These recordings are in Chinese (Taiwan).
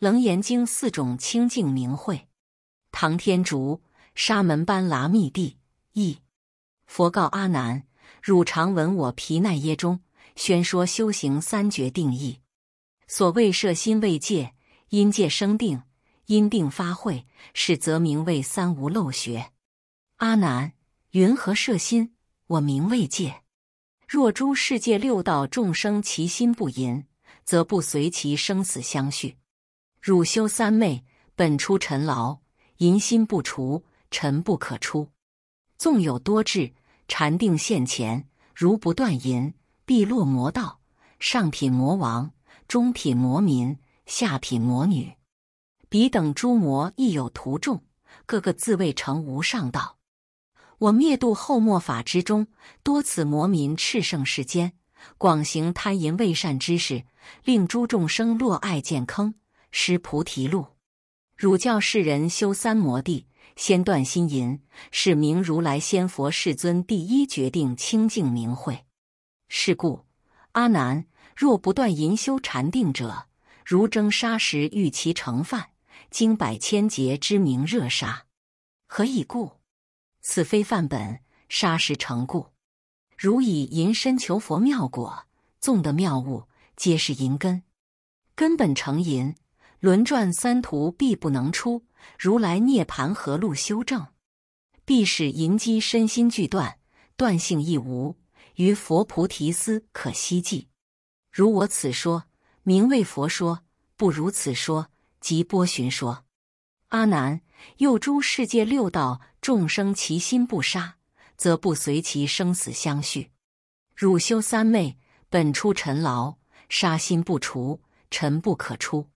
《楞嚴經》四種清淨明誨，唐天竺沙門般剌密帝譯。佛告阿難：汝常聞我毗奈耶中宣說修行三決定義。所謂攝心為戒，因戒生定，因定發慧，是則名為三無漏學。阿難，云何攝心？我名為戒。若諸世界六道眾生，其心不淫，則不隨其生死相續。汝修三昧，本出塵勞，淫心不除，塵不可出。縱有多智，禪定現前，如不斷淫，必落魔道。上品魔王，中品魔民，下品魔女，彼等諸魔亦有徒眾，各各自謂成無上道。我滅度後末法之中，多此魔民熾盛世間，廣行貪淫為善知識，令諸眾生落愛見坑。失菩提路，汝教世人修三摩地，先斷心淫，是名如來先佛世尊第一決定清淨明誨。是故，阿難，若不斷淫，修禪定者，如蒸砂石，欲其成飯，經百千劫只名熱砂。何以故？此非飯本，砂石成故。汝以淫身求佛妙果，縱得妙悟，皆是淫根，根本成淫。輪轉三途，必不能出。如來涅槃何路修證？必使淫機身心俱斷，斷性亦無，於佛菩提斯可希冀。如我此說，名為佛說；不如此說，即波旬說。阿難，又諸世界六道眾生，其心不殺，則不隨其生死相續。汝修三昧，本出塵勞，殺心不除，塵不可出。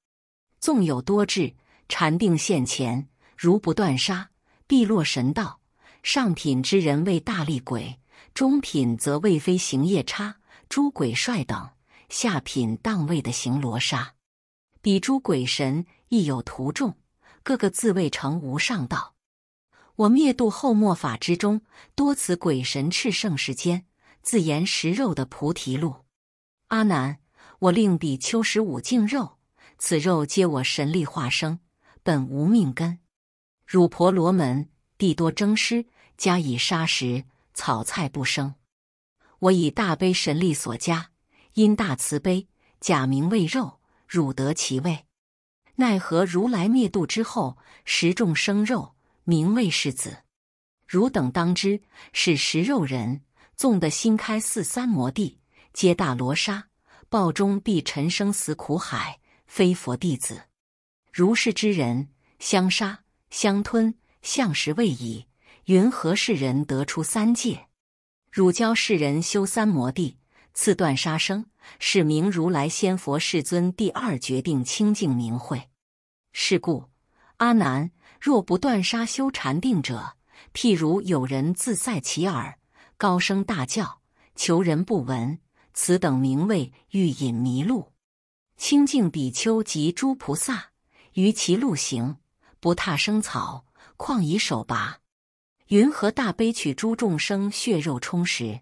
縱有多智，禪定現前，如不斷殺，必落神道。上品之人為大力鬼，中品則為飛行夜叉、諸鬼帥等，下品當為地行羅剎。彼諸鬼神亦有徒眾，各個自謂成無上道。我滅度後末法之中，多此鬼神熾盛世間，自言食肉得菩提路。阿難，我令比丘食五淨肉。此肉皆我神力化生，本無命根。汝婆羅門，地多征師，加以沙石，草菜不生。我以大悲神力所加，因大慈悲，假名為肉，汝得其味。奈何如來滅度之後，食眾生肉，名為世子。汝等當知，是食肉人，縱得新開四三摩地，皆大羅剎，報中必沉生死苦海。非佛弟子，如是之人，相殺相吞，相食未已。云何世人得出三界？汝教世人修三摩地，次斷殺生，是名如來先佛世尊第二決定清淨明誨。是故，阿難，若不斷殺修禪定者，譬如有人自塞其耳，高聲大叫，求人不聞。此等名為欲隱彌露。清淨比丘及諸菩薩，於岐路行，不踏生草，況以手拔。云何大悲取諸眾生血肉充食？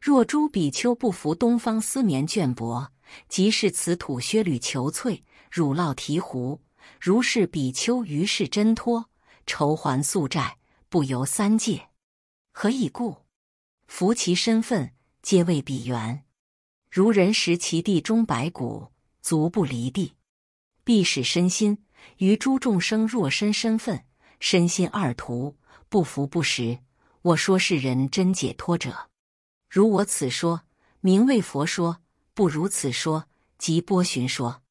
若諸比丘不服東方絲綿絹帛，及是此土靴履裘毳、乳酪醍醐。如是比丘於世真脫，酬還宿債，不遊三界。何以故？服其身份，皆為彼緣。如人食其地中百穀。足不離地，必使身心於諸眾生，若身身份，身心二塗，不服不食。我說是人真解脫者，如我此說，名為佛說；不如此說，即波旬說。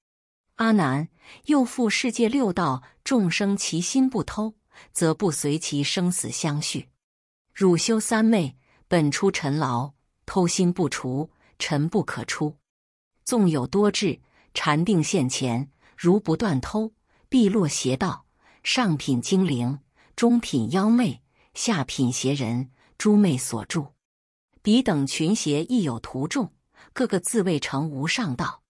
阿難，又復世界六道眾生其心不偷，則不隨其生死相續。汝修三昧，本出塵勞，偷心不除，塵不可出。縱有多智。禪定現前，如不斷偷，必落邪道。上品精靈，中品妖魅，下品邪人，諸魅所著。彼等群邪亦有徒眾，各各自謂成無上道。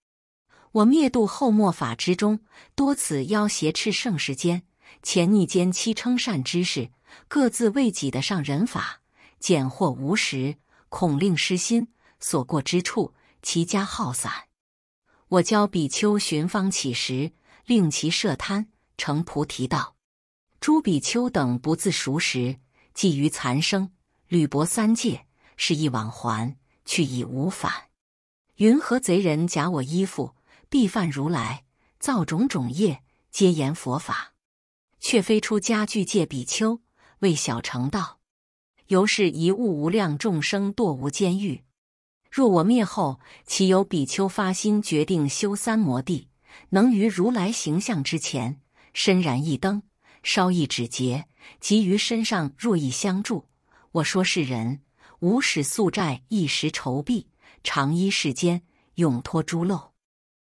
我滅度後末法之中，多此妖邪熾盛世間，潛匿奸欺稱善知識，各自謂己得上人法，詃惑無識，恐令失心。所過之處，其家耗散。我教比丘循方乞食，令其舍貪，成菩提道。諸比丘等不自熟食，寄於殘生，旅泊三界，示一往還，去已無返。云何賊人假我衣服，禆販如來，造種種業，皆言佛法？卻非出家具戒比丘為小乘道？由是疑誤無量眾生墮無間獄。若我滅後，其有比丘發心決定修三摩地，能於如來形像之前，身燃一燈，燒一指節，及於身上爇一香炷，我說是人，無始宿債一時酬畢，長揖世間，永脫諸漏。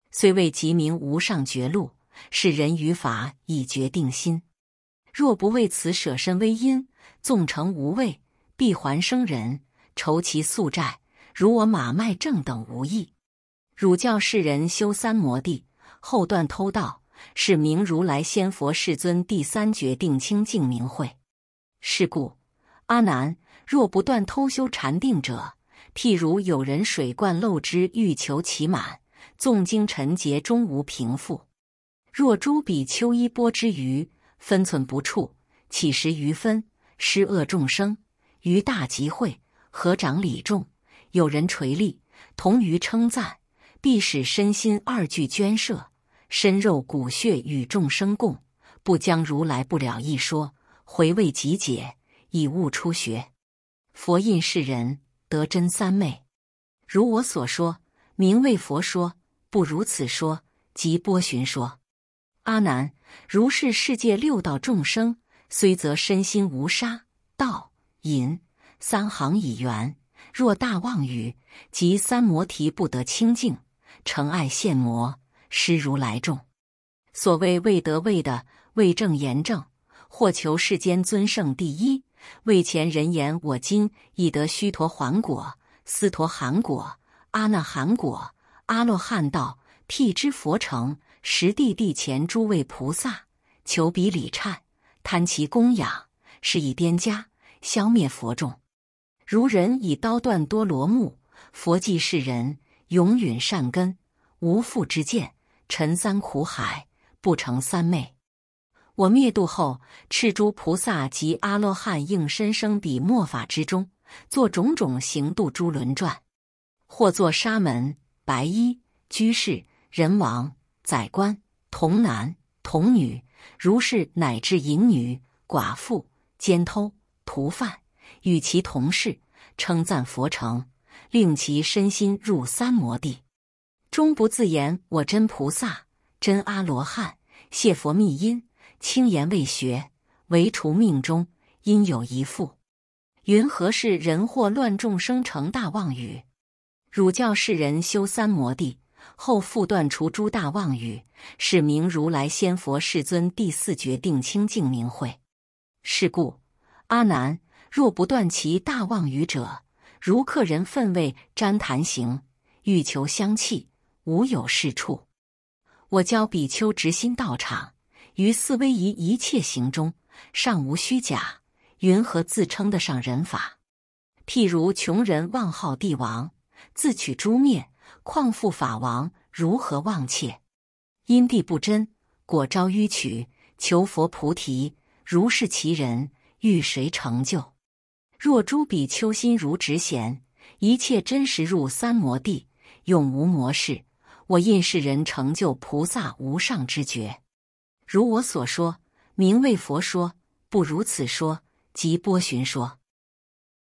雖未即明無上覺路，是人於法已決定心。若不為此舍身微因，縱成無為，必還生人，酬其宿債。如我馬麥正等無異，汝教世人修三摩地，後斷偷盜，是名如來先佛世尊第三決定清淨明誨。是故，阿難，若不斷偷修禪定者，譬如有人水灌漏卮，欲求其滿，縱經塵劫，終無平復。若諸比丘衣缽之餘分寸不畜，乞食餘分，施餓眾生於大集會，合掌禮眾；有人捶詈，同於稱讚，必使身心二俱捐捨，身肉骨血與眾生共，不將如來不了義說，迴為己解，以誤初學。佛印是人得真三昧，如我所說，名為佛說；不如此說，即波旬說。阿難，如是世界六道眾生，雖則身心無殺、盜、淫，三行，已圓，若大妄語，即三摩提不得清淨，成愛見魔，失如來種。所謂未得謂得、未證言證、或求世間尊勝第一。謂前人言，我今已得須陀洹果、斯陀含果、阿那含果、阿羅漢道、辟支佛乘、十地地前諸位菩薩，求彼禮懺，貪其供養，是一顛迦，銷滅佛種。如人以刀斷多羅木，佛記是人，永殞善根，無復知見，沉三苦海，不成三昧。我滅度後，敕諸菩薩及阿羅漢應身生彼末法之中，作種種形度諸輪轉，或作沙門、白衣、居士、人王、宰官、童男、童女，如是乃至淫女、寡婦、奸偷、屠販，與其同事。稱讚佛乘，令其身心入三摩地，終不自言我真菩薩、真阿羅漢。泄佛密因，輕言未學，唯除命終，陰有遺付。云何是人惑亂眾生成大妄語？汝教世人修三摩地，後復斷除諸大妄語，是名如來先佛世尊第四決定清淨明誨。是故阿難，若不斷其大妄語者，如刻人糞為栴檀形，欲求香氣，無有是處。我教比丘直心道場，於四威儀一切行中，尚無虛假。云何自稱得上人法？譬如窮人妄號帝王，自取誅滅；況復法王，如何妄竊？因地不真，果招紆曲。求佛菩提，如噬臍人，欲誰成就？若諸比丘心如直弦，一切真實入三摩地，永無魔事。我印是人成就菩薩無上知覺。如我所說，名為佛說；不如此說，即波旬說。